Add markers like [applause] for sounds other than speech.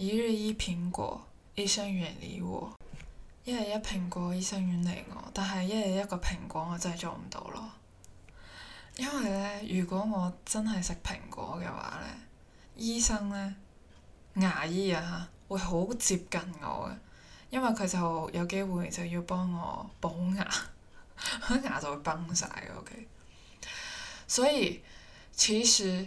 一日一蘋果，醫生遠離我；一日一蘋果，醫生遠離我。但係一日一個蘋果，我真係做唔到咯。因為咧，如果我真係食蘋果嘅話咧，醫生咧、牙醫啊嚇，會好接近我嘅，因為佢就有機會就要幫我補牙，啲 [laughs] 牙就會崩晒嘅。OK，所以其實。